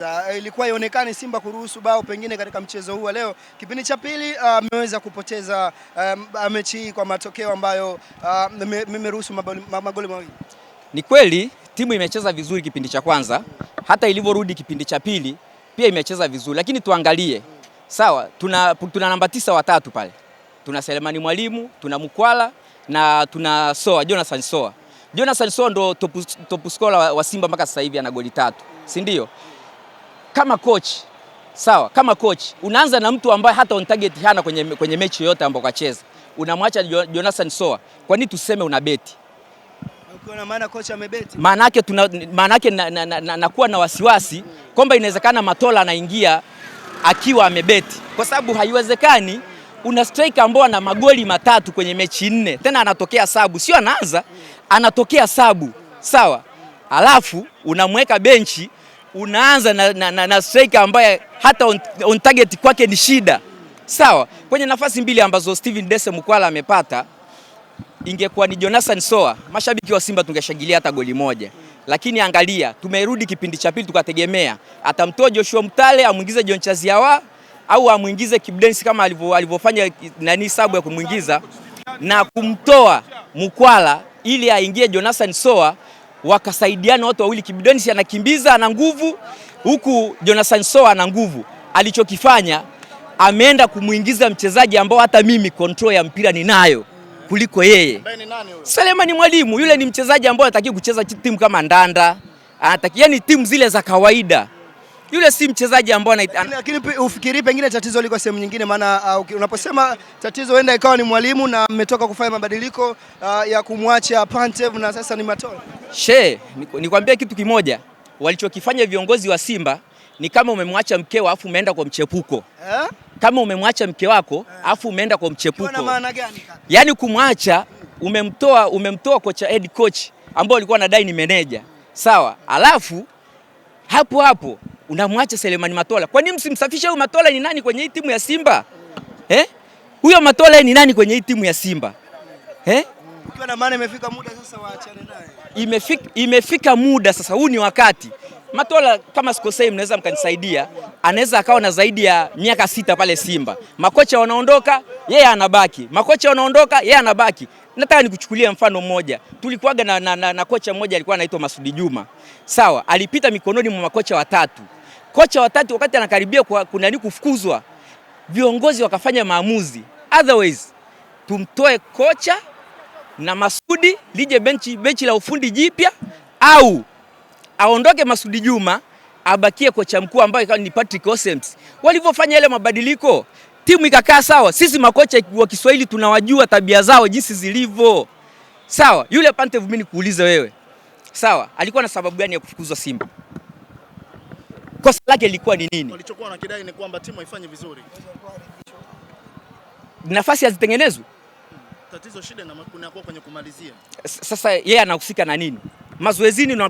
Eh, ilikuwa ionekane Simba kuruhusu bao pengine katika mchezo huu wa leo. Kipindi cha pili ah, ameweza uh, kupoteza uh, mechi hii kwa matokeo ambayo uh, magoli mawili. Ni kweli timu imecheza vizuri kipindi cha kwanza, hata ilivyorudi kipindi cha pili pia imecheza vizuri, lakini tuangalie sawa, tuna, tuna namba tisa watatu pale, tuna Selemani Mwalimu, tuna Mkwala na tuna Soa Jonathan Soa. Jonathan Soa ndo top, top scorer wa Simba mpaka sasa hivi ana goli tatu, si ndio? kama coach sawa, kama coach unaanza na mtu ambaye hata on target hana kwenye, kwenye mechi yoyote ambayo kacheza, unamwacha Jonathan Soa, kwa nini tuseme una beti? Maana kocha amebeti, maana yake tuna maana yake nakuwa na, na, na, na, na wasiwasi kwamba inawezekana Matola anaingia akiwa amebeti, kwa sababu haiwezekani una striker ambao ana magoli matatu kwenye mechi nne, tena anatokea sabu, sio anaanza, anatokea sabu sawa, alafu unamweka benchi unaanza na, na, na, na striker ambaye hata on, on target kwake ni shida sawa. Kwenye nafasi mbili ambazo Steven Dese Mukwala amepata, ingekuwa ni Jonathan Soa, mashabiki wa Simba tungeshangilia hata goli moja, lakini angalia, tumerudi kipindi cha pili tukategemea atamtoa Joshua Mtale amwingize John Chaziawa au amwingize Kibdensi kama alivyofanya nani sabu ya kumwingiza na kumtoa Mukwala ili aingie Jonathan Soa wakasaidiana watu wawili, Kibidonis anakimbiza ana nguvu, huku Jonathan Soa ana nguvu. Alichokifanya ameenda kumwingiza mchezaji ambao hata mimi control ya mpira ninayo kuliko yeye. Selemani Mwalimu yule ni mchezaji ambao anatakiwa kucheza timu kama Ndanda, anatakiwa yani timu zile za kawaida yule si mchezaji ambaye ana, lakini lakini ufikiri pengine tatizo liko sehemu nyingine, maana uh, unaposema tatizo huenda ikawa ni mwalimu na mmetoka kufanya mabadiliko uh, ya kumwacha Pantev na sasa ni Matola. She, nikwambie kitu kimoja, walichokifanya viongozi wa Simba ni kama umemwacha mkeo afu umeenda kwa mchepuko eh? Kama umemwacha mke wako eh? afu umeenda kwa mchepuko. Kwa maana gani kaka? Yaani kumwacha umemtoa umemtoa kocha head coach ambao alikuwa anadai ni meneja. Sawa, alafu hapo hapo unamwacha Selemani Matola. Kwa nini msimsafishe huyo Matola? Ni nani kwenye hii timu ya Simba eh? Huyo Matola ni nani kwenye hii timu ya Simba eh? Ukiwa na maana imefika muda sasa waachane naye. Imefika, imefika muda sasa, huu ni wakati Matola kama sikosei, mnaweza mkanisaidia, anaweza akawa na zaidi ya miaka sita pale Simba. Makocha wanaondoka, yeye anabaki, makocha wanaondoka, yeye anabaki. Nataka nikuchukulie mfano mmoja, tulikuwaga na, na, na, na kocha mmoja alikuwa anaitwa Masudi Juma, sawa. Alipita mikononi mwa makocha watatu kocha watatu wakati anakaribia kwa kunani kufukuzwa, viongozi wakafanya maamuzi, otherwise tumtoe kocha na Masudi lije benchi, benchi la ufundi jipya, au aondoke Masudi Juma abakie kocha mkuu ambaye ni Patrick Osems. Walivyofanya ile mabadiliko, timu ikakaa sawa. Sisi makocha wa Kiswahili tunawajua tabia zao jinsi zilivyo, sawa. Yule Pantev, mimi nikuulize wewe, sawa, alikuwa na sababu gani ya kufukuzwa Simba? kosa lake lilikuwa ni nini? Walichokuwa wanakidai ni kwamba timu haifanyi vizuri, nafasi hazitengenezwi. Tatizo shida na kunakuwa kwenye kumalizia. Sasa yeye yeah, anahusika na nini? Mazoezini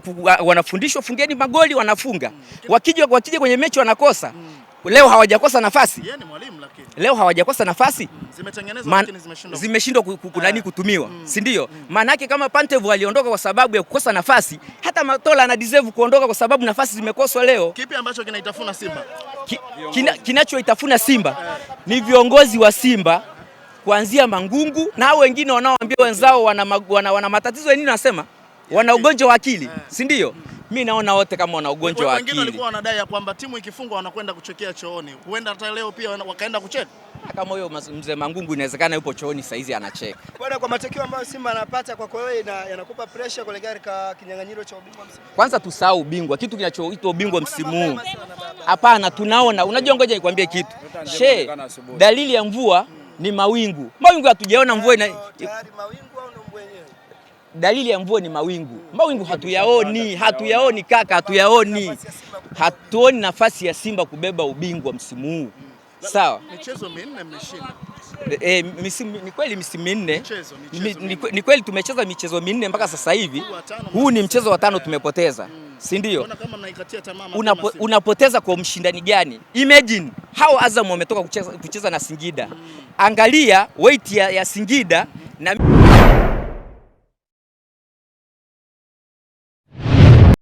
wanafundishwa fungeni magoli wanafunga. Hmm. Wakija wakija kwenye mechi wanakosa. Hmm leo hawajakosa nafasi, leo hawajakosa nafasi, mm, zimeshindwa kunani eh. kutumiwa, mm. si ndio? Mm. Maana yake kama Pantev aliondoka kwa sababu ya kukosa nafasi, hata Matola ana deserve kuondoka kwa sababu nafasi zimekoswa leo. Kipi ambacho kinaitafuna Simba? Ki, kina, kinachoitafuna Simba ni viongozi wa Simba kuanzia Mangungu na hao wengine wanaoambia wenzao wana, wana, wana matatizo ya nini, wanasema wana yaani- ugonjwa wa akili, eh. si ndio? mi naona wote kama wana ugonjwa wa akili. Wengine walikuwa wanadai kwamba timu ikifungwa wanakwenda kuchekea chooni, huenda hata leo pia wakaenda kucheka. Kama huyo mzee Mangungu inawezekana yupo chooni saa hizi anacheka bwana. Kwa matokeo ambayo Simba anapata kwa kweli yanakupa pressure kuelekea katika kinyang'anyiro cha ubingwa msimu. Kwanza tusahau ubingwa, kitu kinachoitwa ubingwa msimu huu hapana. Tunaona, unajua, ngoja nikwambie kitu she, dalili ya mvua ni mawingu. Mawingu hatujaona mvua ina... tayari mawingu au ni mvua yenyewe dalili ya mvua ni mawingu. Mawingu hatuyaoni, hatuyaoni kaka, hatuyaoni, hatuoni nafasi ya Simba kubeba ubingwa msimu huu. Sawa, michezo minne mmeshinda. E, ni kweli misimu minne, ni kweli tumecheza michezo minne mpaka sasa hivi. Huu ni mchezo wa tano tumepoteza, mm. si ndio? Unapo, unapoteza kwa mshindani gani? Imagine hao Azam wametoka kucheza, kucheza na Singida. Mm. Angalia weight ya, ya Singida na